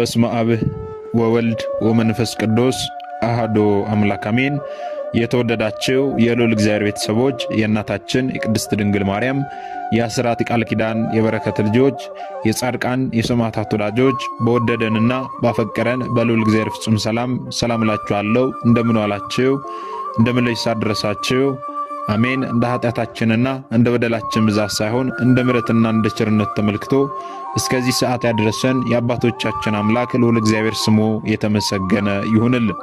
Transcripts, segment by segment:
በስመ አብ ወወልድ ወመንፈስ ቅዱስ አህዶ አምላክ አሜን። የተወደዳችው የልዑል እግዚአብሔር ቤተሰቦች የእናታችን የቅድስት ድንግል ማርያም የአስራት ቃል ኪዳን የበረከት ልጆች የጻድቃን የሰማዕታት ወዳጆች በወደደንና ባፈቀረን በልዑል እግዚአብሔር ፍጹም ሰላም ሰላም እላችኋለሁ። እንደምን ዋላችሁ? እንደምን ለይሳ ደረሳችሁ? አሜን። እንደ ኃጢአታችንና እንደ በደላችን ብዛት ሳይሆን እንደ ምረትና እንደ ቸርነት ተመልክቶ እስከዚህ ሰዓት ያደረሰን የአባቶቻችን አምላክ ልዑል እግዚአብሔር ስሙ የተመሰገነ ይሁንልን።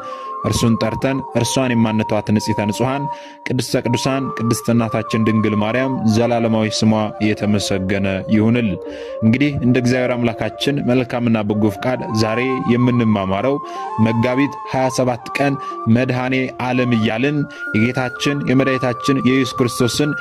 እርሱን ጠርተን እርሷን የማንተዋት ንጽሕተ ንጹሐን ቅድስተ ቅዱሳን ቅድስት እናታችን ድንግል ማርያም ዘላለማዊ ስሟ የተመሰገነ ይሁንል። እንግዲህ እንደ እግዚአብሔር አምላካችን መልካምና በጎ ፍቃድ ዛሬ የምንማማረው መጋቢት 27 ቀን መድኃኔ ዓለም እያልን የጌታችን የመድኃኒታችን የኢየሱስ ክርስቶስን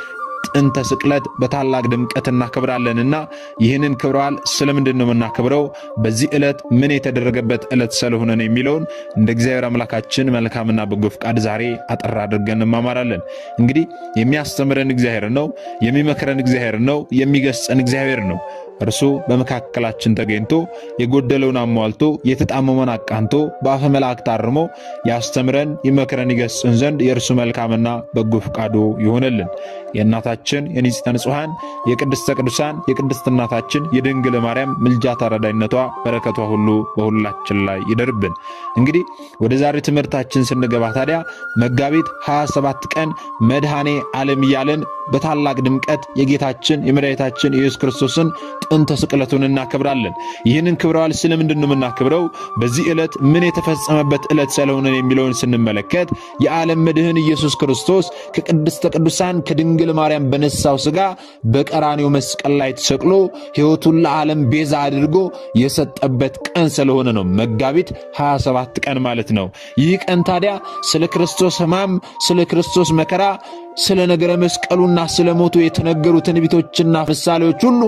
ጥንተ ስቅለት በታላቅ ድምቀት እናከብራለንና ይህንን ክብረ በዓል ስለምንድን ነው የምናከብረው? በዚህ ዕለት ምን የተደረገበት ዕለት ስለሆነ ነው የሚለውን እንደ እግዚአብሔር አምላካችን መልካምና በጎ ፍቃድ ዛሬ አጠር አድርገን እንማማራለን። እንግዲህ የሚያስተምረን እግዚአብሔር ነው፣ የሚመክረን እግዚአብሔር ነው፣ የሚገስጸን እግዚአብሔር ነው። እርሱ በመካከላችን ተገኝቶ የጎደለውን አሟልቶ የተጣመመን አቃንቶ በአፈ መላእክት አርሞ ያስተምረን፣ ይመክረን፣ ይገስጽን ዘንድ የእርሱ መልካምና በጎ ፍቃዱ ይሆነልን። የአባታችን የንጽሕተ ንጹሐን የቅድስተ ቅዱሳን የቅድስት እናታችን የድንግል ማርያም ምልጃ ተረዳይነቷ በረከቷ ሁሉ በሁላችን ላይ ይደርብን። እንግዲህ ወደ ዛሬ ትምህርታችን ስንገባ ታዲያ መጋቢት 27 ቀን መድኃኔ ዓለም እያለን በታላቅ ድምቀት የጌታችን የመድኃኒታችን የኢየሱስ ክርስቶስን ጥንተ ስቅለቱን እናከብራለን። ይህንን ክብረ በዓል ስለምንድን ነው የምናከብረው? በዚህ ዕለት ምን የተፈጸመበት ዕለት ስለሆነ የሚለውን ስንመለከት የዓለም መድህን ኢየሱስ ክርስቶስ ከቅድስተ ቅዱሳን ከድንግል ማርያም በነሳው ሥጋ በቀራኔው መስቀል ላይ ተሰቅሎ ሕይወቱን ለዓለም ቤዛ አድርጎ የሰጠበት ቀን ስለሆነ ነው። መጋቢት 27 ቀን ማለት ነው። ይህ ቀን ታዲያ ስለ ክርስቶስ ሕማም፣ ስለ ክርስቶስ መከራ፣ ስለ ነገረ መስቀሉን ስለ ስለሞቱ የተነገሩ ትንቢቶችና ምሳሌዎች ሁሉ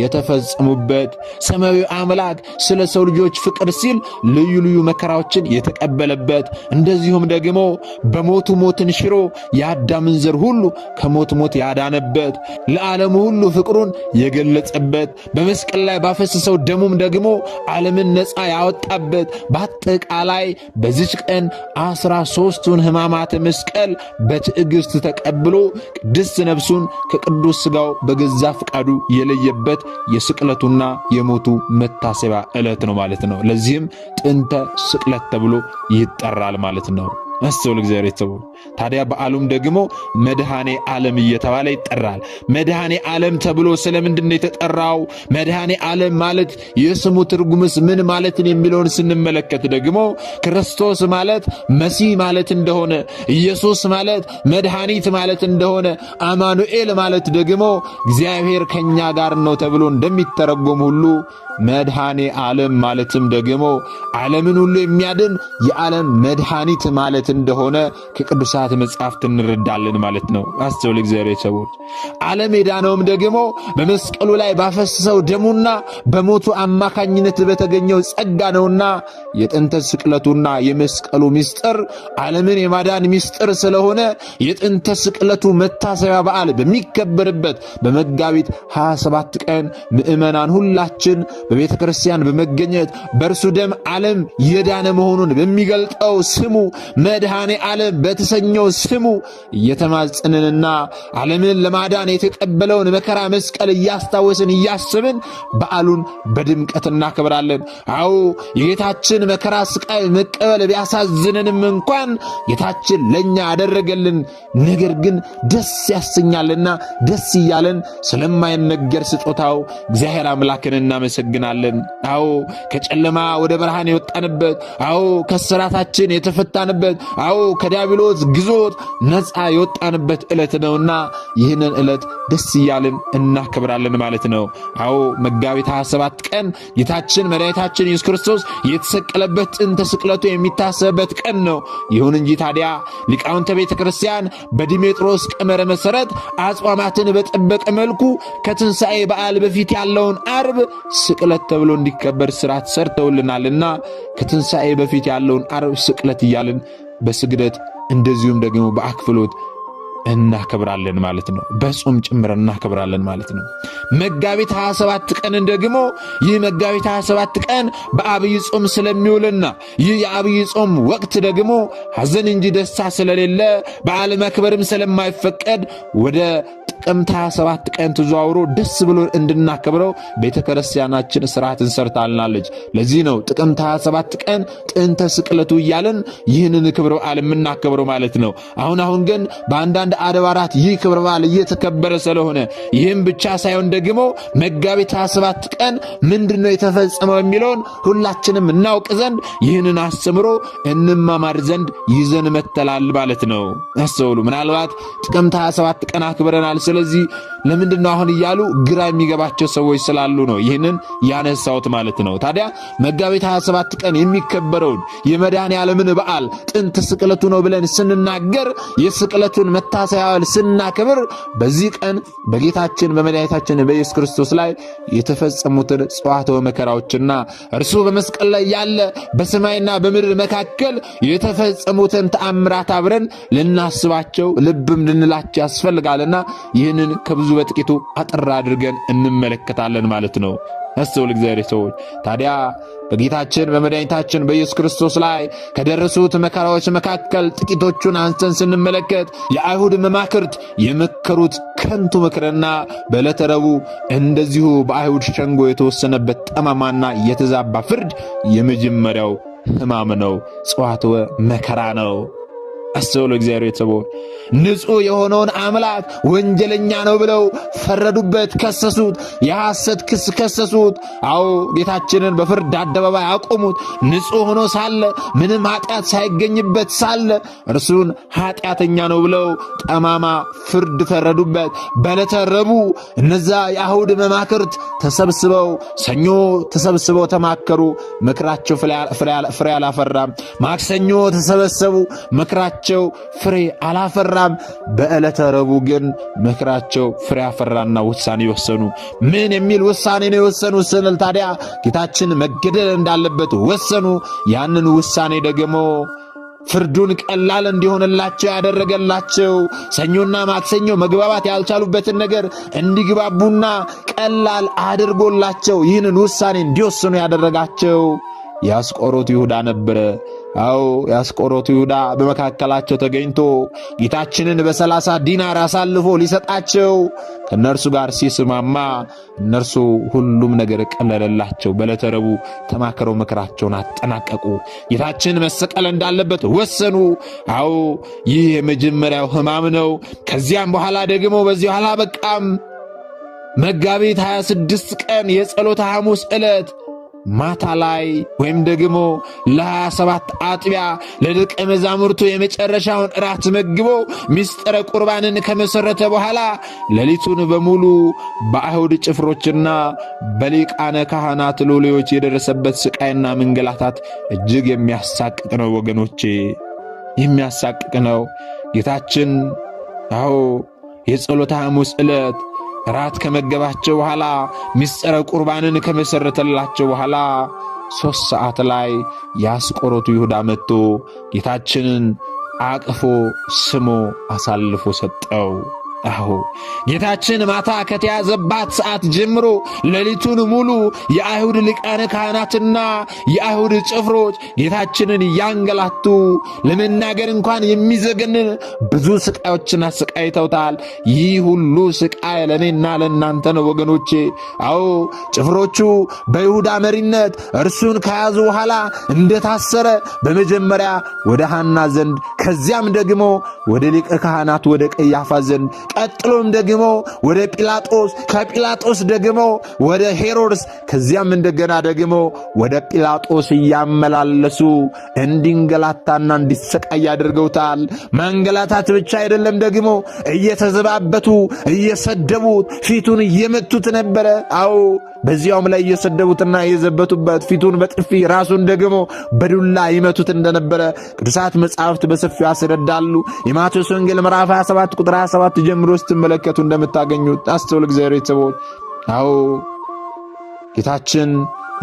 የተፈጸሙበት ሰማያዊ አምላክ ስለ ሰው ልጆች ፍቅር ሲል ልዩ ልዩ መከራዎችን የተቀበለበት እንደዚሁም ደግሞ በሞቱ ሞትን ሽሮ የአዳምን ዘር ሁሉ ከሞት ሞት ያዳነበት ለዓለሙ ሁሉ ፍቅሩን የገለጸበት በመስቀል ላይ ባፈሰሰው ደሙም ደግሞ ዓለምን ነፃ ያወጣበት በአጠቃላይ በዚች ቀን አስራ ሦስቱን ሕማማተ መስቀል በትዕግሥት ተቀብሎ ቅድስት ነፍሱን ከቅዱስ ሥጋው በገዛ ፍቃዱ የለየበት የስቅለቱና የሞቱ መታሰቢያ ዕለት ነው ማለት ነው። ለዚህም ጥንተ ስቅለት ተብሎ ይጠራል ማለት ነው። አስተውል። እግዚአብሔር የተባሉ ታዲያ በዓሉም ደግሞ መድኃኔ ዓለም እየተባለ ይጠራል። መድኃኔ ዓለም ተብሎ ስለምንድን ነው የተጠራው? መድኃኔ ዓለም ማለት የስሙ ትርጉምስ ምን ማለትን የሚለውን ስንመለከት ደግሞ ክርስቶስ ማለት መሲህ ማለት እንደሆነ፣ ኢየሱስ ማለት መድኃኒት ማለት እንደሆነ፣ አማኑኤል ማለት ደግሞ እግዚአብሔር ከኛ ጋር ነው ተብሎ እንደሚተረጎም ሁሉ መድኃኔ ዓለም ማለትም ደግሞ ዓለምን ሁሉ የሚያድን የዓለም መድኃኒት ማለት እንደሆነ ከቅዱሳት መጽሐፍት እንረዳለን ማለት ነው። አስተውል እግዚአብሔር ሰዎች ዓለም የዳነውም ደግሞ በመስቀሉ ላይ ባፈሰሰው ደሙና በሞቱ አማካኝነት በተገኘው ጸጋ ነውና የጥንተ ስቅለቱና የመስቀሉ ምስጢር ዓለምን የማዳን ምስጢር ስለሆነ የጥንተ ስቅለቱ መታሰቢያ በዓል በሚከበርበት በመጋቢት 27 ቀን ምእመናን ሁላችን በቤተ ክርስቲያን በመገኘት በእርሱ ደም ዓለም የዳነ መሆኑን በሚገልጠው ስሙ መድኃኔ ዓለም በተሰኘው ስሙ እየተማጽንንና ዓለምን ለማዳን የተቀበለውን መከራ መስቀል እያስታወስን እያስብን በዓሉን በድምቀት እናከብራለን። አዎ የጌታችን መከራ ስቃይ መቀበል ቢያሳዝንንም እንኳን ጌታችን ለእኛ ያደረገልን ነገር ግን ደስ ያሰኛልና ደስ እያለን ስለማይነገር ስጦታው እግዚአብሔር አምላክን እናመሰግናለን። አዎ ከጨለማ ወደ ብርሃን የወጣንበት፣ አዎ ከስራታችን የተፈታንበት፣ አዎ ከዲያብሎስ ግዞት ነፃ የወጣንበት ዕለት ነውና ይህንን ዕለት ደስ እያልን እናከብራለን ማለት ነው። አዎ መጋቢት ሰባት ቀን ጌታችን መድኃኒታችን ኢየሱስ ክርስቶስ የተሰቀለበት ጥንተ ስቅለቱ የሚታሰብበት ቀን ነው። ይሁን እንጂ ታዲያ ሊቃውንተ ቤተ ክርስቲያን በዲሜጥሮስ ቀመረ መሠረት አጽዋማትን በጠበቀ መልኩ ከትንሣኤ በዓል በፊት ያለውን አርብ ስቅለት ተብሎ እንዲከበር ሥርዓት ሰርተውልናልና ከትንሣኤ በፊት ያለውን አርብ ስቅለት እያልን በስግደት እንደዚሁም ደግሞ በአክፍሎት እናከብራለን ማለት ነው። በጾም ጭምር እናከብራለን ማለት ነው። መጋቢት 27 ቀንን ደግሞ ይህ መጋቢት 27 ቀን በአብይ ጾም ስለሚውልና ይህ የአብይ ጾም ወቅት ደግሞ ሐዘን እንጂ ደስታ ስለሌለ በዓል መክበርም ስለማይፈቀድ ወደ ጥቅምት 27 ቀን ተዘዋውሮ ደስ ብሎ እንድናከብረው ቤተ ክርስቲያናችን ስርዓትን ሰርታልናለች። ለዚህ ነው ጥቅምት 27 ቀን ጥንተ ስቅለቱ እያለን ይህንን ክብረ በዓል የምናከብረው ማለት ነው። አሁን አሁን ግን በአንዳንድ አድባራት ይህ ክብረ በዓል እየተከበረ ስለሆነ ይህም ብቻ ሳይሆን ደግሞ መጋቢት 27 ቀን ምንድን ነው የተፈጸመው የሚለውን ሁላችንም እናውቅ ዘንድ ይህንን አስተምሮ እንማማር ዘንድ ይዘን መተላል ማለት ነው። አስተውሉ። ምናልባት ጥቅምት 27 ቀን አክብረናል ስለዚህ ለምንድን ነው አሁን እያሉ ግራ የሚገባቸው ሰዎች ስላሉ ነው ይህንን ያነሳሁት ማለት ነው። ታዲያ መጋቢት 27 ቀን የሚከበረውን የመድኃኔ ዓለምን በዓል ጥንት ስቅለቱ ነው ብለን ስንናገር የስቅለቱን መታሰቢያ በዓል ስናከብር በዚህ ቀን በጌታችን በመድኃኒታችን በኢየሱስ ክርስቶስ ላይ የተፈጸሙትን ጽዋተ መከራዎችና እርሱ በመስቀል ላይ ያለ በሰማይና በምድር መካከል የተፈጸሙትን ተአምራት አብረን ልናስባቸው ልብም ልንላቸው ያስፈልጋልና ይህንን ከብዙ በጥቂቱ አጠር አድርገን እንመለከታለን ማለት ነው። አስተውል እግዚአብሔር ሰዎች ታዲያ በጌታችን በመድኃኒታችን በኢየሱስ ክርስቶስ ላይ ከደረሱት መከራዎች መካከል ጥቂቶቹን አንስተን ስንመለከት የአይሁድ መማክርት የመከሩት ከንቱ ምክርና በዕለተ ረቡዕ እንደዚሁ በአይሁድ ሸንጎ የተወሰነበት ጠማማና የተዛባ ፍርድ የመጀመሪያው ሕማም ነው፣ ጽዋትወ መከራ ነው። አስተውሎ እግዚአብሔር ቤተሰቦች ንጹሕ የሆነውን አምላክ ወንጀለኛ ነው ብለው ፈረዱበት፣ ከሰሱት፣ የሐሰት ክስ ከሰሱት። አዎ ጌታችንን በፍርድ አደባባይ አቆሙት። ንጹሕ ሆኖ ሳለ ምንም ኃጢአት ሳይገኝበት ሳለ እርሱን ኃጢአተኛ ነው ብለው ጠማማ ፍርድ ፈረዱበት። በዕለተ ረቡዕ እነዛ የአይሁድ መማክርት ተሰብስበው ሰኞ ተሰብስበው ተማከሩ፣ ምክራቸው ፍሬ አላፈራም። ማክሰኞ ተሰበሰቡ ምክራቸው ምክራቸው ፍሬ አላፈራም። በዕለተ ረቡዕ ግን ምክራቸው ፍሬ አፈራና ውሳኔ ወሰኑ። ምን የሚል ውሳኔ ነው የወሰኑ ስንል ታዲያ ጌታችን መገደል እንዳለበት ወሰኑ። ያንን ውሳኔ ደግሞ ፍርዱን ቀላል እንዲሆንላቸው ያደረገላቸው ሰኞና ማክሰኞ መግባባት ያልቻሉበትን ነገር እንዲግባቡና ቀላል አድርጎላቸው ይህንን ውሳኔ እንዲወስኑ ያደረጋቸው የአስቆሮቱ ይሁዳ ነበረ። አዎ የአስቆሮቱ ይሁዳ በመካከላቸው ተገኝቶ ጌታችንን በሰላሳ ዲናር አሳልፎ ሊሰጣቸው ከእነርሱ ጋር ሲስማማ እነርሱ ሁሉም ነገር ቀለለላቸው። በዕለተ ረቡዕ ተማክረው ምክራቸውን አጠናቀቁ። ጌታችን መሰቀል እንዳለበት ወሰኑ። አዎ ይህ የመጀመሪያው ሕማም ነው። ከዚያም በኋላ ደግሞ በዚህ በኋላ በቃም መጋቢት 26 ቀን የጸሎተ ሐሙስ ዕለት ማታ ላይ ወይም ደግሞ ለሀያ ሰባት አጥቢያ ለደቀ መዛሙርቱ የመጨረሻውን እራት መግቦ ምስጢረ ቁርባንን ከመሠረተ በኋላ ሌሊቱን በሙሉ በአይሁድ ጭፍሮችና በሊቃነ ካህናት ሎሌዎች የደረሰበት ሥቃይና መንገላታት እጅግ የሚያሳቅቅ ነው ወገኖቼ፣ የሚያሳቅቅ ነው። ጌታችን አዎ የጸሎተ ሐሙስ ዕለት ራት ከመገባቸው በኋላ ምስጢረ ቁርባንን ከመሠረተላቸው በኋላ ሦስት ሰዓት ላይ የአስቆሮቱ ይሁዳ መጥቶ ጌታችንን አቅፎ ስሞ አሳልፎ ሰጠው። አሁ ጌታችን ማታ ከተያዘባት ሰዓት ጀምሮ ሌሊቱን ሙሉ የአይሁድ ሊቃነ ካህናትና የአይሁድ ጭፍሮች ጌታችንን እያንገላቱ ለመናገር እንኳን የሚዘገንን ብዙ ስቃዮችን አሰቃይተውታል። ይህ ሁሉ ስቃይ ለእኔና ለእናንተ ነው ወገኖቼ። አዎ ጭፍሮቹ በይሁዳ መሪነት እርሱን ከያዙ በኋላ እንደታሰረ በመጀመሪያ ወደ ሐና ዘንድ ከዚያም ደግሞ ወደ ሊቀ ካህናት ወደ ቀያፋ ዘንድ ቀጥሎም ደግሞ ወደ ጲላጦስ፣ ከጲላጦስ ደግሞ ወደ ሄሮድስ፣ ከዚያም እንደገና ደግሞ ወደ ጲላጦስ እያመላለሱ እንዲንገላታና እንዲሰቃይ አድርገውታል። መንገላታት ብቻ አይደለም፣ ደግሞ እየተዘባበቱ እየሰደቡት ፊቱን እየመቱት ነበረ። አዎ በዚያውም ላይ እየሰደቡትና እየዘበቱበት ፊቱን በጥፊ ራሱን ደግሞ በዱላ ይመቱት እንደነበረ ቅዱሳት መጻሕፍት በሰፊው ያስረዳሉ። የማቴዎስ ወንጌል ምዕራፍ 27 ቁጥር 27 ጀምሮ ስትመለከቱ እንደምታገኙት አስተውል። እግዚአብሔር ቤተሰቦች፣ አዎ ጌታችን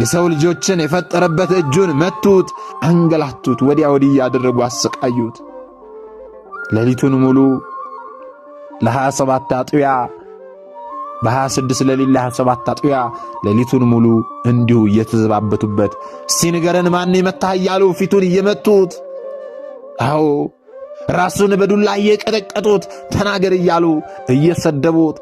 የሰው ልጆችን የፈጠረበት እጁን መቱት፣ አንገላቱት፣ ወዲያ ወዲህ እያደረጉ አሰቃዩት። ሌሊቱን ሙሉ ለ27 አጥቢያ በ26 ሌሊት 27 አጥቢያ ሌሊቱን ሙሉ እንዲሁ እየተዘባበቱበት እስቲ ንገረን ማን መታህ እያሉ ፊቱን እየመቱት፣ አዎ ራሱን በዱላ እየቀጠቀጡት ተናገር እያሉ እየሰደቡት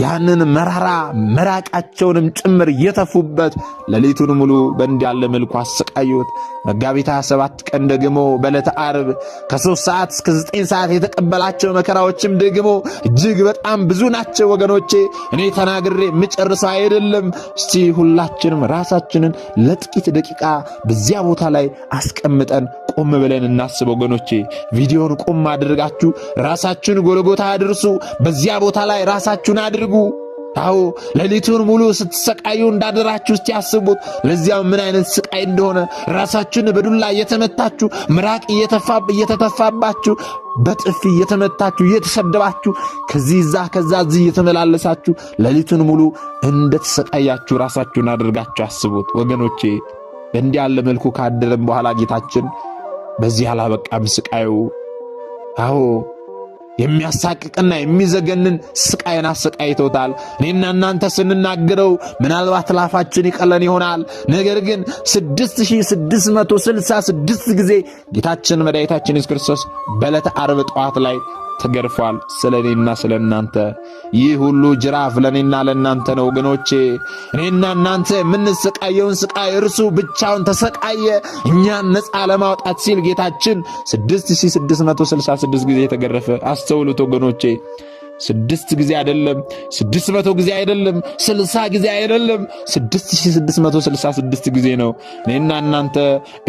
ያንን መራራ መራቃቸውንም ጭምር የተፉበት ሌሊቱን ሙሉ በእንዲህ ያለ መልኩ አሰቃዩት። መጋቢት 27 ቀን ደግሞ በዕለተ ዓርብ ከሦስት ሰዓት እስከ ዘጠኝ ሰዓት የተቀበላቸው መከራዎችም ደግሞ እጅግ በጣም ብዙ ናቸው ወገኖቼ። እኔ ተናግሬ የምጨርሰው አይደለም። እስቲ ሁላችንም ራሳችንን ለጥቂት ደቂቃ በዚያ ቦታ ላይ አስቀምጠን ቆም ብለን እናስብ ወገኖቼ። ቪዲዮን ቆም አድርጋችሁ ራሳችሁን ጎልጎታ አድርሱ። በዚያ ቦታ ላይ ራሳችሁን አድር አድርጉ። ታው ሌሊቱን ሙሉ ስትሰቃዩ እንዳደራችሁ እስቲ አስቡት። ለዚያም ምን አይነት ስቃይ እንደሆነ ራሳችሁን በዱላ እየተመታችሁ፣ ምራቅ እየተተፋባችሁ፣ በጥፊ እየተመታችሁ፣ እየተሰደባችሁ፣ ከዚህ እዛ ከዛ እዚህ እየተመላለሳችሁ ሌሊቱን ሙሉ እንደተሰቃያችሁ ራሳችሁን አድርጋችሁ አስቡት ወገኖቼ። በእንዲህ ያለ መልኩ ካደረም በኋላ ጌታችን በዚህ አላበቃም ስቃዩ አዎ የሚያሳቅቅና የሚዘገንን ስቃይን አሰቃይቶታል። እኔና እናንተ ስንናገረው ምናልባት ላፋችን ይቀለን ይሆናል። ነገር ግን 6666 ጊዜ ጌታችን መድኃኒታችን ኢየሱስ ክርስቶስ በዕለተ ዓርብ ጠዋት ላይ ተገርፏል ስለ እኔና ስለ እናንተ። ይህ ሁሉ ጅራፍ ለእኔና ለእናንተ ነው ወገኖቼ። እኔና እናንተ የምንሰቃየውን ስቃይ እርሱ ብቻውን ተሰቃየ እኛን ነፃ ለማውጣት ሲል ጌታችን 6666 ጊዜ ተገረፈ። አስተውሉት ወገኖቼ። ስድስት ጊዜ አይደለም፣ ስድስት መቶ ጊዜ አይደለም፣ ስልሳ ጊዜ አይደለም፣ ስድስት ሺህ ስድስት መቶ ስልሳ ስድስት ጊዜ ነው። እኔና እናንተ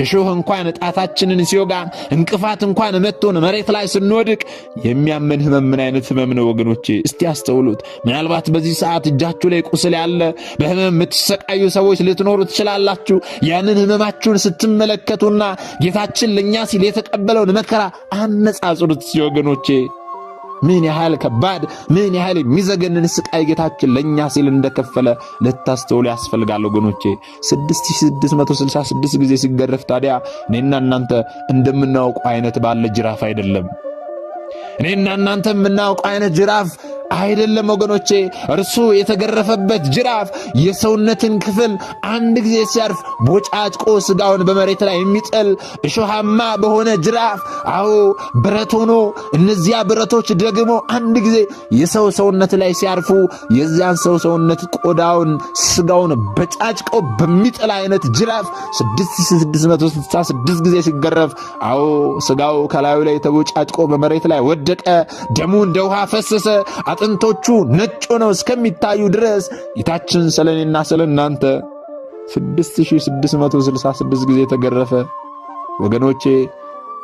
እሾህ እንኳን ጣታችንን ሲወጋ እንቅፋት እንኳን መቶን መሬት ላይ ስንወድቅ የሚያመን ህመም ምን አይነት ህመም ነው ወገኖቼ? እስቲ አስተውሉት። ምናልባት በዚህ ሰዓት እጃችሁ ላይ ቁስል ያለ በህመም የምትሰቃዩ ሰዎች ልትኖሩ ትችላላችሁ። ያንን ህመማችሁን ስትመለከቱና ጌታችን ለእኛ ሲል የተቀበለውን መከራ አነጻጽሩት ወገኖቼ። ምን ያህል ከባድ ምን ያህል የሚዘገንን ስቃይ ጌታችን ለእኛ ሲል እንደከፈለ ልታስተውሉ ያስፈልጋል ወገኖቼ። 6666 ጊዜ ሲገረፍ ታዲያ እኔና እናንተ እንደምናውቀው አይነት ባለ ጅራፍ አይደለም። እኔና እናንተ የምናውቀው አይነት ጅራፍ አይደለም ወገኖቼ። እርሱ የተገረፈበት ጅራፍ የሰውነትን ክፍል አንድ ጊዜ ሲያርፍ ቦጫጭቆ ስጋውን በመሬት ላይ የሚጥል እሾሃማ በሆነ ጅራፍ፣ አዎ ብረት ሆኖ እነዚያ ብረቶች ደግሞ አንድ ጊዜ የሰው ሰውነት ላይ ሲያርፉ የዚያን ሰው ሰውነት ቆዳውን፣ ስጋውን በጫጭቆ በሚጥል አይነት ጅራፍ 6666 ጊዜ ሲገረፍ፣ አዎ ስጋው ከላዩ ላይ ተቦጫጭቆ በመሬት ላይ ወደቀ። ደሙ እንደ ውሃ ፈሰሰ። አጥንቶቹ ነጭ ሆነው እስከሚታዩ ድረስ ጌታችን ስለ እኔና ስለ እናንተ 6666 ጊዜ ተገረፈ። ወገኖቼ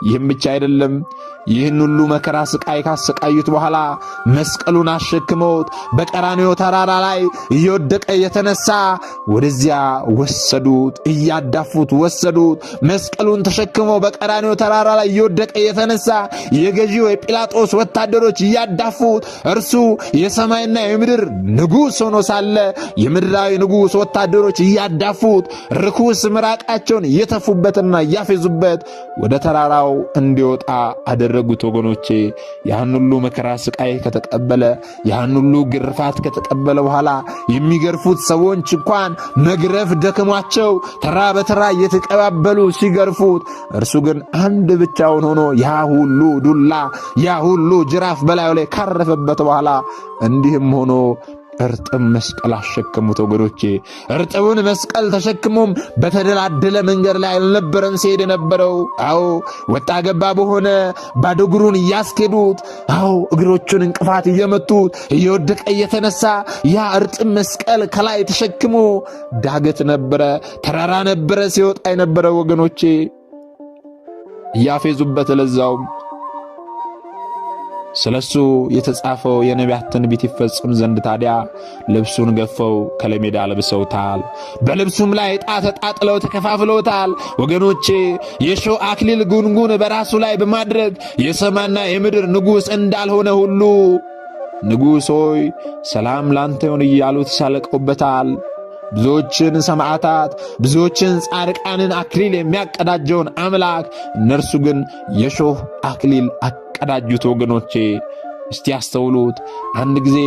ይህም ብቻ አይደለም። ይህን ሁሉ መከራ ስቃይ ካሰቃዩት በኋላ መስቀሉን አሸክመውት በቀራንዮ ተራራ ላይ እየወደቀ እየተነሳ ወደዚያ ወሰዱት፣ እያዳፉት ወሰዱት። መስቀሉን ተሸክሞ በቀራንዮ ተራራ ላይ እየወደቀ እየተነሳ የገዢው የጲላጦስ ወታደሮች እያዳፉት፣ እርሱ የሰማይና የምድር ንጉሥ ሆኖ ሳለ የምድራዊ ንጉሥ ወታደሮች እያዳፉት፣ ርኩስ ምራቃቸውን እየተፉበትና እያፌዙበት ወደ ተራራው ነፃው እንዲወጣ አደረጉት። ወገኖቼ ያን ሁሉ መከራ ስቃይ ከተቀበለ ያን ሁሉ ግርፋት ከተቀበለ በኋላ የሚገርፉት ሰዎች እንኳን መግረፍ ደክሟቸው ተራ በተራ እየተቀባበሉ ሲገርፉት፣ እርሱ ግን አንድ ብቻውን ሆኖ ያ ሁሉ ዱላ ያ ሁሉ ጅራፍ በላዩ ላይ ካረፈበት በኋላ እንዲህም ሆኖ እርጥብ መስቀል አሸከሙት ወገኖቼ። እርጥቡን መስቀል ተሸክሞም በተደላደለ መንገድ ላይ አልነበረም ሲሄድ የነበረው። አዎ ወጣ ገባ በሆነ ባዶ እግሩን እያስኬዱት፣ አዎ እግሮቹን እንቅፋት እየመቱት፣ እየወደቀ እየተነሳ ያ እርጥብ መስቀል ከላይ ተሸክሞ ዳገት ነበረ፣ ተራራ ነበረ ሲወጣ የነበረ ወገኖቼ እያፌዙበት ለዛውም ስለ እሱ የተጻፈው የነቢያት ትንቢት ይፈጽም ዘንድ ታዲያ ልብሱን ገፈው ከለሜዳ ለብሰውታል። በልብሱም ላይ ዕጣ ተጣጥለው ተከፋፍለውታል። ወገኖቼ የሾህ አክሊል ጉንጉን በራሱ ላይ በማድረግ የሰማይና የምድር ንጉሥ እንዳልሆነ ሁሉ ንጉሥ ሆይ ሰላም ላንተ ይሁን እያሉ ተሳለቀውበታል። ብዙዎችን ሰማዕታት ብዙዎችን ጻድቃንን አክሊል የሚያቀዳጀውን አምላክ እነርሱ ግን የሾህ አክሊል አ የተቀዳጁት ወገኖቼ እስቲ ያስተውሉት። አንድ ጊዜ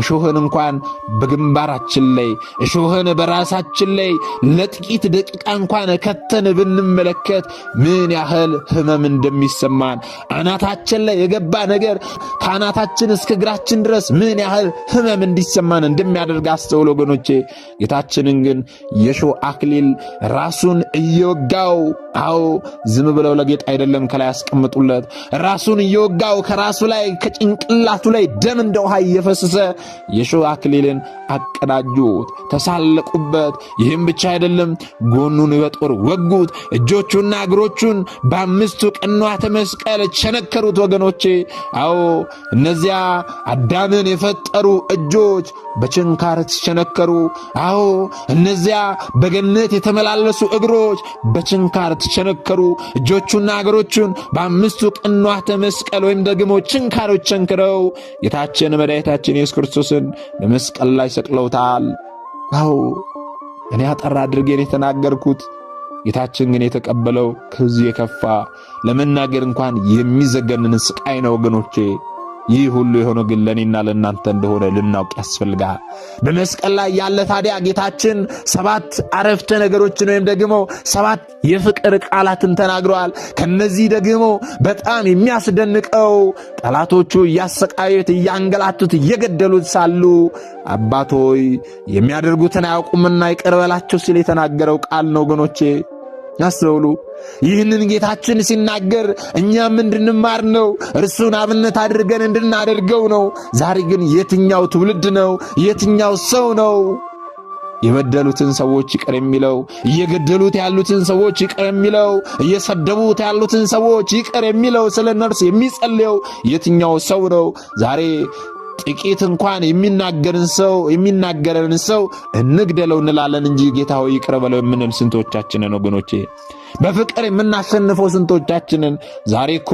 እሾህን እንኳን በግንባራችን ላይ እሾህን በራሳችን ላይ ለጥቂት ደቂቃ እንኳን ከተን ብንመለከት ምን ያህል ህመም እንደሚሰማን አናታችን ላይ የገባ ነገር ከአናታችን እስከ እግራችን ድረስ ምን ያህል ህመም እንዲሰማን እንደሚያደርግ አስተውል ወገኖቼ፣ ጌታችንን ግን የእሾህ አክሊል ራሱን እየወጋው አዎ፣ ዝም ብለው ለጌጥ አይደለም ከላይ ያስቀምጡለት ራሱን እየወጋው ከራሱ ላይ ከጭንቅላቱ ላይ ደም እንደ ውሃ እየፈሰሰ የሾህ አክሊልን አቀዳጁት፣ ተሳለቁበት። ይህም ብቻ አይደለም፣ ጎኑን በጦር ወጉት፣ እጆቹና እግሮቹን በአምስቱ ቅንዋተ መስቀል ቸነከሩት። ወገኖቼ፣ አዎ እነዚያ አዳምን የፈጠሩ እጆች በችንካር ተቸነከሩ። አዎ እነዚያ በገነት የተመላለሱ እግሮች በችንካር ተቸነከሩ። እጆቹና እግሮቹን በአምስቱ ቅንዋተ መስቀል ወይም ደግሞ ችንካሮች ቸንክረው ጌታችን መድኃኒታችን ኢየሱስ ክርስቶስ ክርስቶስን በመስቀል ላይ ሰቅለውታል። አዎ እኔ አጠር አድርጌን የተናገርኩት ጌታችን ግን የተቀበለው ከዚህ የከፋ ለመናገር እንኳን የሚዘገንን ስቃይ ነው ወገኖቼ። ይህ ሁሉ የሆነ ግን ለእኔና ለእናንተ እንደሆነ ልናውቅ ያስፈልጋል። በመስቀል ላይ ያለ ታዲያ ጌታችን ሰባት አረፍተ ነገሮችን ወይም ደግሞ ሰባት የፍቅር ቃላትን ተናግረዋል። ከነዚህ ደግሞ በጣም የሚያስደንቀው ጠላቶቹ እያሰቃዩት፣ እያንገላቱት፣ እየገደሉት ሳሉ አባቶይ የሚያደርጉትን አያውቁምና ይቅር በላቸው ሲል የተናገረው ቃል ነው ወገኖቼ። አስተውሉ። ይህንን ጌታችን ሲናገር እኛም እንድንማር ነው፣ እርሱን አብነት አድርገን እንድናደርገው ነው። ዛሬ ግን የትኛው ትውልድ ነው? የትኛው ሰው ነው የበደሉትን ሰዎች ይቅር የሚለው? እየገደሉት ያሉትን ሰዎች ይቅር የሚለው? እየሰደቡት ያሉትን ሰዎች ይቅር የሚለው? ስለ እነርሱ የሚጸልየው የትኛው ሰው ነው ዛሬ ጥቂት እንኳን የሚናገርን ሰው የሚናገረን ሰው እንግደለው እንላለን እንጂ ጌታ ሆይ ይቅር በለው የምንል ስንቶቻችንን? ወገኖቼ በፍቅር የምናሸንፈው ስንቶቻችንን? ዛሬ እኮ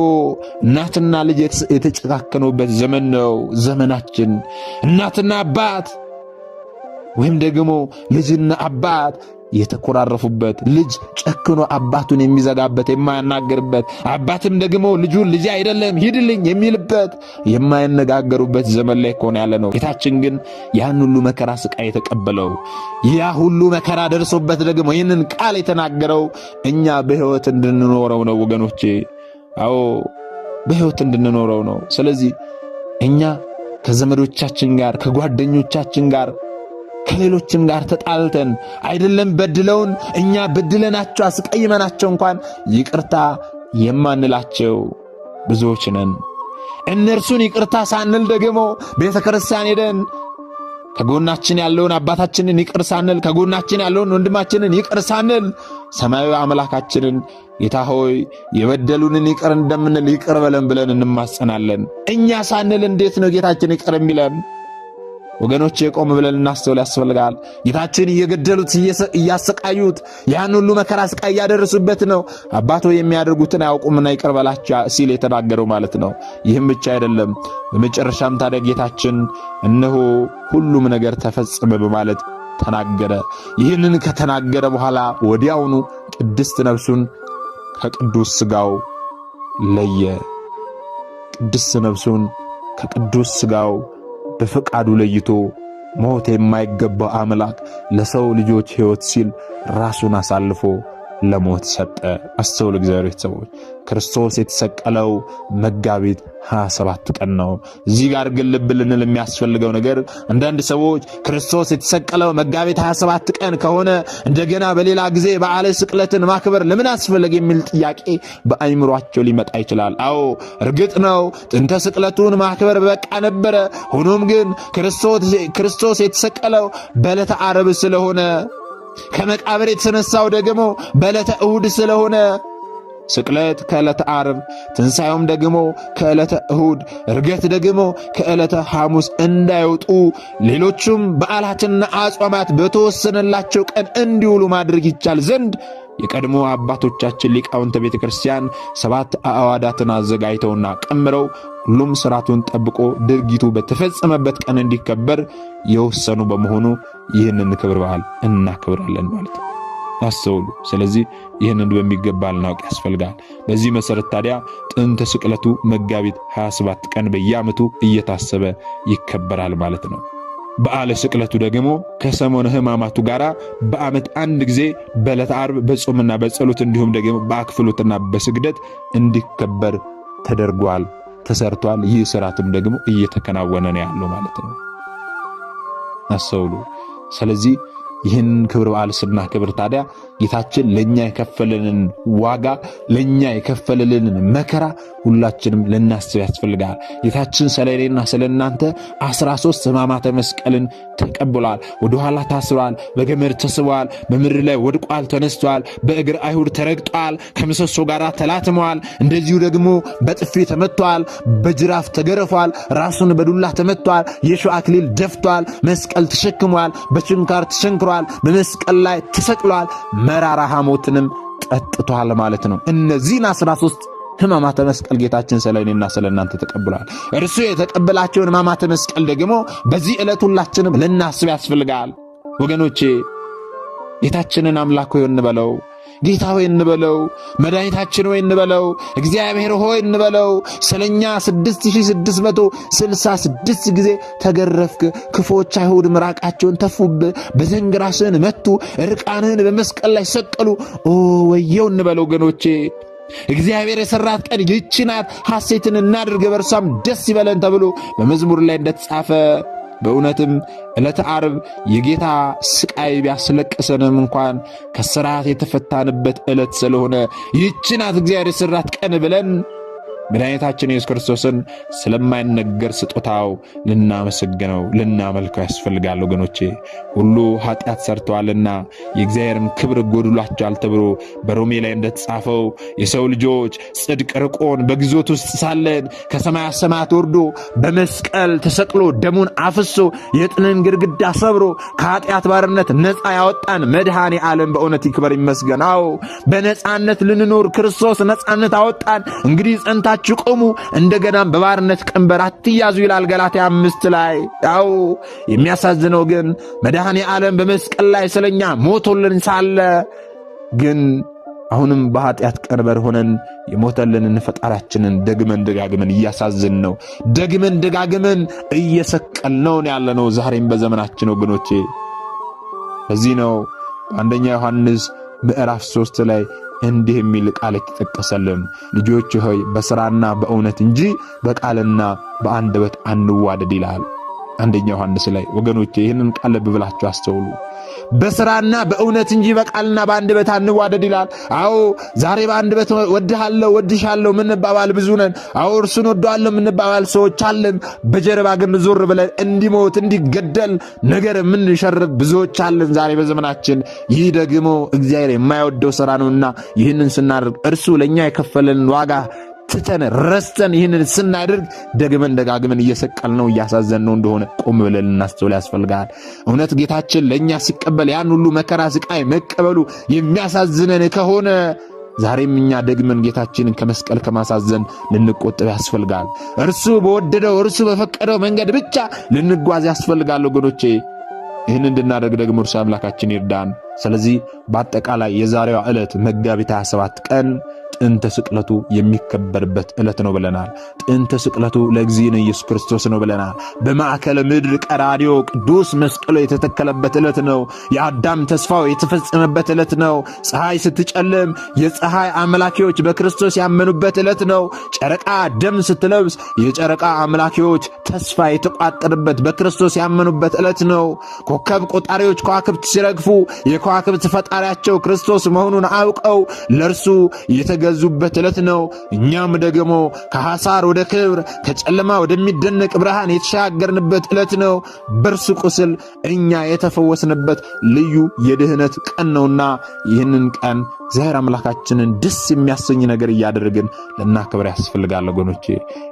እናትና ልጅ የተጨካከኑበት ዘመን ነው ዘመናችን። እናትና አባት ወይም ደግሞ ልጅና አባት የተኮራረፉበት ልጅ ጨክኖ አባቱን የሚዘጋበት የማያናገርበት አባትም ደግሞ ልጁን ልጅ አይደለም ሂድልኝ የሚልበት የማይነጋገሩበት ዘመን ላይ ከሆነ ያለ ነው። ጌታችን ግን ያን ሁሉ መከራ ስቃይ የተቀበለው ያ ሁሉ መከራ ደርሶበት ደግሞ ይህንን ቃል የተናገረው እኛ በሕይወት እንድንኖረው ነው ወገኖቼ። አዎ በሕይወት እንድንኖረው ነው። ስለዚህ እኛ ከዘመዶቻችን ጋር ከጓደኞቻችን ጋር ከሌሎችም ጋር ተጣልተን አይደለም በድለውን እኛ በድለናቸው አስቀይመናቸው እንኳን ይቅርታ የማንላቸው ብዙዎች ነን። እነርሱን ይቅርታ ሳንል ደግሞ ቤተ ክርስቲያን ሄደን ከጎናችን ያለውን አባታችንን ይቅር ሳንል ከጎናችን ያለውን ወንድማችንን ይቅር ሳንል ሰማያዊ አምላካችንን ጌታ ሆይ የበደሉንን ይቅር እንደምንል ይቅር በለን ብለን እንማጸናለን። እኛ ሳንል እንዴት ነው ጌታችን ይቅር የሚለን? ወገኖች የቆም ብለን ልናስተውል ያስፈልጋል። ጌታችን እየገደሉት እያሰቃዩት፣ ያን ሁሉ መከራ ስቃይ እያደረሱበት ነው። አባቶ የሚያደርጉትን አያውቁምና ይቅር በላቸው ሲል የተናገረው ማለት ነው። ይህም ብቻ አይደለም። በመጨረሻም ታዲያ ጌታችን እነሆ ሁሉም ነገር ተፈጸመ በማለት ተናገረ። ይህንን ከተናገረ በኋላ ወዲያውኑ ቅድስት ነፍሱን ከቅዱስ ስጋው ለየ። ቅድስት ነፍሱን ከቅዱስ ስጋው በፈቃዱ ለይቶ ሞት የማይገባ አምላክ ለሰው ልጆች ሕይወት ሲል ራሱን አሳልፎ ለሞት ሰጠ። አስተውሉ እግዚአብሔር ቤተሰቦች፣ ክርስቶስ የተሰቀለው መጋቢት 27 ቀን ነው። እዚህ ጋር ግን ልብ ልንል የሚያስፈልገው ነገር አንዳንድ ሰዎች ክርስቶስ የተሰቀለው መጋቢት 27 ቀን ከሆነ እንደገና በሌላ ጊዜ በዓለ ስቅለትን ማክበር ለምን አስፈለገ የሚል ጥያቄ በአይምሯቸው ሊመጣ ይችላል። አዎ እርግጥ ነው ጥንተ ስቅለቱን ማክበር በቃ ነበረ። ሆኖም ግን ክርስቶስ የተሰቀለው በዕለተ ዓርብ ስለሆነ ከመቃብር የተነሳው ደግሞ በዕለተ እሁድ ስለሆነ ስቅለት ከዕለተ ዓርብ፣ ትንሣኤውም ደግሞ ከዕለተ እሁድ፣ እርገት ደግሞ ከዕለተ ሐሙስ እንዳይወጡ ሌሎቹም በዓላትና አጽዋማት በተወሰነላቸው ቀን እንዲውሉ ማድረግ ይቻል ዘንድ የቀድሞ አባቶቻችን ሊቃውንተ ቤተ ክርስቲያን ሰባት አዕዋዳትን አዘጋጅተውና ቀምረው ሁሉም ስርዓቱን ጠብቆ ድርጊቱ በተፈጸመበት ቀን እንዲከበር የወሰኑ በመሆኑ ይህንን ክብር በዓል እናክብራለን ማለት ነው። አስተውሉ። ስለዚህ ይህንን በሚገባ ልናውቅ ያስፈልጋል። በዚህ መሰረት ታዲያ ጥንተ ስቅለቱ መጋቢት 27 ቀን በየዓመቱ እየታሰበ ይከበራል ማለት ነው። በዓለ ስቅለቱ ደግሞ ከሰሞነ ሕማማቱ ጋር በዓመት አንድ ጊዜ በዕለተ ዓርብ በጾምና በጸሎት እንዲሁም ደግሞ በአክፍሎትና በስግደት እንዲከበር ተደርጓል ተሰርቷል። ይህ ስርዓትም ደግሞ እየተከናወነ ነው ያለው ማለት ነው። አስተውሉ። ስለዚህ ይህን ክብር በዓል ስናከብር ታዲያ ጌታችን ለእኛ የከፈለልን ዋጋ ለእኛ የከፈለልንን መከራ ሁላችንም ልናስብ ያስፈልጋል። ጌታችን ስለ እኔና ስለ እናንተ አስራ ሶስት ሕማማተ መስቀልን ተቀብሏል። ወደኋላ ታስሯል፣ በገመድ ተስቧል፣ በምድር ላይ ወድቋል፣ ተነስቷል፣ በእግር አይሁድ ተረግጧል፣ ከምሰሶ ጋር ተላትመዋል። እንደዚሁ ደግሞ በጥፊ ተመቷል፣ በጅራፍ ተገርፏል፣ ራሱን በዱላ ተመቷል፣ የሾህ አክሊል ደፍቷል፣ መስቀል ተሸክሟል፣ በችንካር ተሸንክሯል፣ በመስቀል ላይ ተሰቅሏል። መራራ ሐሞትንም ጠጥቷል ማለት ነው። እነዚህን 13 ህማማተ መስቀል ጌታችን ስለ እኔና ስለ እናንተ ተቀብሏል። እርሱ የተቀበላቸውን ህማማተ መስቀል ደግሞ በዚህ ዕለት ሁላችንም ልናስብ ያስፈልጋል። ወገኖቼ ጌታችንን አምላክ ሆይ እንበለው። ጌታ ሆይ እንበለው፣ መድኃኒታችን ሆይ እንበለው፣ እግዚአብሔር ሆይ እንበለው። ስለኛ 6666 ጊዜ ተገረፍክ። ክፎች አይሁድ ምራቃቸውን ተፉብ፣ በዘንግ ራስህን መቱ፣ ዕርቃንህን በመስቀል ላይ ሰቀሉ። ኦ ወየው እንበለው ወገኖቼ። እግዚአብሔር የሠራት ቀን ይህች ናት፣ ሐሴትን እናድርግ፣ በእርሷም ደስ ይበለን ተብሎ በመዝሙር ላይ እንደተጻፈ በእውነትም ዕለተ ዓርብ የጌታ ስቃይ ቢያስለቅሰንም እንኳን ከስርዓት የተፈታንበት ዕለት ስለሆነ ይህች ናት እግዚአብሔር የሠራት ቀን ብለን መድኃኒታችን ኢየሱስ ክርስቶስን ስለማይነገር ስጦታው ልናመሰግነው ልናመልከው ያስፈልጋል። ወገኖቼ ሁሉ ኃጢአት ሰርተዋልና የእግዚአብሔርም ክብር ጎድሏቸዋል ተብሎ በሮሜ ላይ እንደተጻፈው የሰው ልጆች ጽድቅ ርቆን በግዞት ውስጥ ሳለን ከሰማያት ሰማያት ወርዶ በመስቀል ተሰቅሎ ደሙን አፍሶ የጥልን ግድግዳ ሰብሮ ከኃጢአት ባርነት ነፃ ያወጣን መድኃኔ ዓለም በእውነት ይክበር ይመስገናው። በነፃነት ልንኖር ክርስቶስ ነፃነት አወጣን። እንግዲህ ጸንታ በእግራችሁ ቆሙ፣ እንደገናም በባርነት ቀንበር አትያዙ ይላል ገላትያ አምስት ላይ። ያው የሚያሳዝነው ግን መድኃኔ ዓለም በመስቀል ላይ ስለኛ ሞቶልን ሳለ ግን አሁንም በኃጢአት ቀንበር ሆነን የሞተልንን ፈጣሪያችንን ደግመን ደጋግመን እያሳዝን ነው፣ ደግመን ደጋግመን እየሰቀል ነውን ያለ ነው ዛሬም በዘመናችን ወገኖቼ። ለዚህ ነው አንደኛ ዮሐንስ ምዕራፍ ሶስት ላይ እንዲህ የሚል ቃል የተጠቀሰልን፣ ልጆች ሆይ በሥራና በእውነት እንጂ በቃልና በአንደበት አንዋደድ ይላል አንደኛ ዮሐንስ ላይ። ወገኖቼ ይህንን ቃል ልብ ብላችሁ አስተውሉ። በስራና በእውነት እንጂ በቃልና በአንድ በአንደበት አንዋደድ ይላል። አዎ ዛሬ በአንደበት ወድሃለሁ፣ ወድሻለሁ ምንባባል ብዙ ነን። አዎ እርሱን ወደዋለሁ ምንባባል ሰዎች አለን። በጀርባ ግን ዞር ብለን እንዲሞት እንዲገደል ነገር የምንሸርብ ብዙዎች አለን ዛሬ በዘመናችን። ይህ ደግሞ እግዚአብሔር የማይወደው ስራ ነውና ይህንን ስናደርግ እርሱ ለእኛ የከፈለን ዋጋ ትተን ረስተን ይህንን ስናደርግ ደግመን ደጋግመን እየሰቀል ነው እያሳዘን ነው እንደሆነ ቆም ብለን ልናስተውል ያስፈልጋል። እውነት ጌታችን ለእኛ ሲቀበል ያን ሁሉ መከራ ስቃይ መቀበሉ የሚያሳዝነን ከሆነ ዛሬም እኛ ደግመን ጌታችንን ከመስቀል ከማሳዘን ልንቆጠብ ያስፈልጋል። እርሱ በወደደው እርሱ በፈቀደው መንገድ ብቻ ልንጓዝ ያስፈልጋል ወገኖቼ። ይህን እንድናደርግ ደግሞ እርሱ አምላካችን ይርዳን። ስለዚህ በአጠቃላይ የዛሬዋ ዕለት መጋቢት 27 ቀን ጥንተ ስቅለቱ የሚከበርበት ዕለት ነው ብለናል። ጥንተ ስቅለቱ ለእግዚእነ ኢየሱስ ክርስቶስ ነው ብለናል። በማዕከለ ምድር ቀራንዮ ቅዱስ መስቀሎ የተተከለበት ዕለት ነው። የአዳም ተስፋው የተፈጸመበት ዕለት ነው። ፀሐይ ስትጨልም የፀሐይ አምላኪዎች በክርስቶስ ያመኑበት ዕለት ነው። ጨረቃ ደም ስትለብስ የጨረቃ አምላኪዎች ተስፋ የተቋጠርበት በክርስቶስ ያመኑበት ዕለት ነው። ኮከብ ቆጣሪዎች ከዋክብት ሲረግፉ የከዋክብት ፈጣሪያቸው ክርስቶስ መሆኑን አውቀው ለእርሱ የተገ የገዙበት ዕለት ነው። እኛም ደግሞ ከሐሳር ወደ ክብር ከጨለማ ወደሚደነቅ ብርሃን የተሻገርንበት ዕለት ነው። በርሱ ቁስል እኛ የተፈወስንበት ልዩ የድህነት ቀን ነውና ይህንን ቀን እግዚአብሔር አምላካችንን ደስ የሚያሰኝ ነገር እያደረግን ልናከብር ያስፈልጋል። ወገኖቼ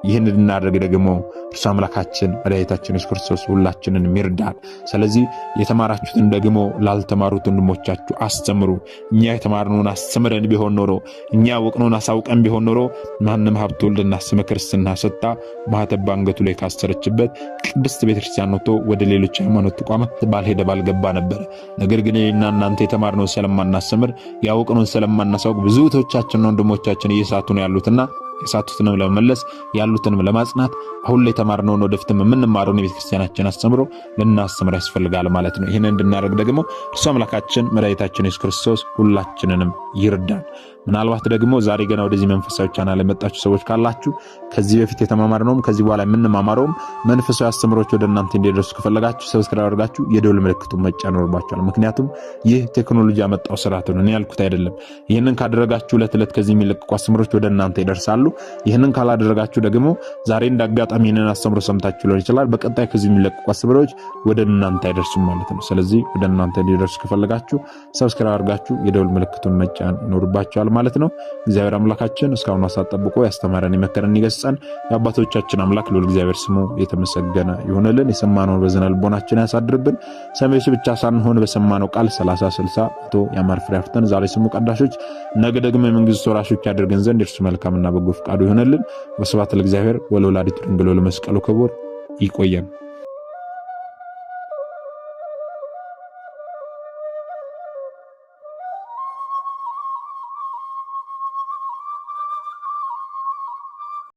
ይህን ልናደርግ ደግሞ እርሱ አምላካችን መድኃኒታችን ኢየሱስ ክርስቶስ ሁላችንን ይርዳል። ስለዚህ የተማራችሁትን ደግሞ ላልተማሩት ወንድሞቻችሁ አስተምሩ። እኛ የተማርነውን አስተምረን ቢሆን ኖሮ እኛ ያወቅነውን አሳውቀን ቢሆን ኖሮ ማንም ሀብተ ወልድና ስመ ክርስትና ሰጥታ አንገቱ ላይ ካሰረችበት ቅድስት ቤተክርስቲያን ወጥቶ ወደ ሌሎች ሃይማኖት ተቋማት ባልሄደ ባልገባ ነበር። ነገር ግን እኔና እናንተ የተማርነውን ስለማናስተምር ያወቅነውን ስለማናሳውቅ ብዙ እህቶቻችንና ወንድሞቻችን እየሳቱ ነው ያሉትና የሳቱትንም ለመመለስ ያሉትንም ለማጽናት አሁን ላይ የተማርነውን ወደፊትም የምንማረውን የቤተክርስቲያናችን አስተምሮ ልናስተምር ያስፈልጋል ማለት ነው። ይህን እንድናደርግ ደግሞ እርሱ አምላካችን መድኃኒታችን የሱስ ክርስቶስ ሁላችንንም ይርዳል። ምናልባት ደግሞ ዛሬ ገና ወደዚህ መንፈሳዊ ቻናል የመጣችሁ ሰዎች ካላችሁ ከዚህ በፊት የተማማርነውም ከዚህ በኋላ የምንማማረውም መንፈሳዊ አስተምሮች ወደ እናንተ እንዲደርሱ ከፈለጋችሁ ሰብስክራ አድርጋችሁ የደውል ምልክቱ መጫን ይኖርባችኋል። ምክንያቱም ይህ ቴክኖሎጂ ያመጣው ስርዓት ነው፣ እኔ ያልኩት አይደለም። ይህንን ካደረጋችሁ ዕለት ዕለት ከዚህ የሚለቅቁ አስተምሮች ወደ እናንተ ይደርሳሉ። ይህንን ካላደረጋችሁ ደግሞ ዛሬ እንደ አጋጣሚ ይህንን አስተምሮ ሰምታችሁ ሊሆን ይችላል። በቀጣይ ከዚህ የሚለቅቁ አስተምሮች ወደ እናንተ አይደርሱም ማለት ነው። ስለዚህ ወደ እናንተ እንዲደርሱ ከፈለጋችሁ ሰብስክራ አድርጋችሁ የደውል ምልክቱን መጫን ይኖርባችኋል። ማለት ነው። እግዚአብሔር አምላካችን እስካሁን ሰዓት ጠብቆ ያስተማረን የመከረን ይገስጸን። የአባቶቻችን አምላክ ልዑል እግዚአብሔር ስሙ የተመሰገነ ይሁንልን። የሰማነውን በዝነ ልቦናችን ያሳድርብን። ሰሚዎች ብቻ ሳንሆን በሰማነው ቃል ሰላሳ ስልሳ መቶ ያማር ፍሬ አፍርተን ዛሬ ስሙ ቀዳሾች፣ ነገ ደግሞ የመንግስት ወራሾች ያደርገን ዘንድ እርሱ መልካምና በጎ ፈቃዱ ይሆንልን። ወስብሐት ለእግዚአብሔር ወለወላዲቱ ድንግል ወለመስቀሉ ክቡር። ይቆየን።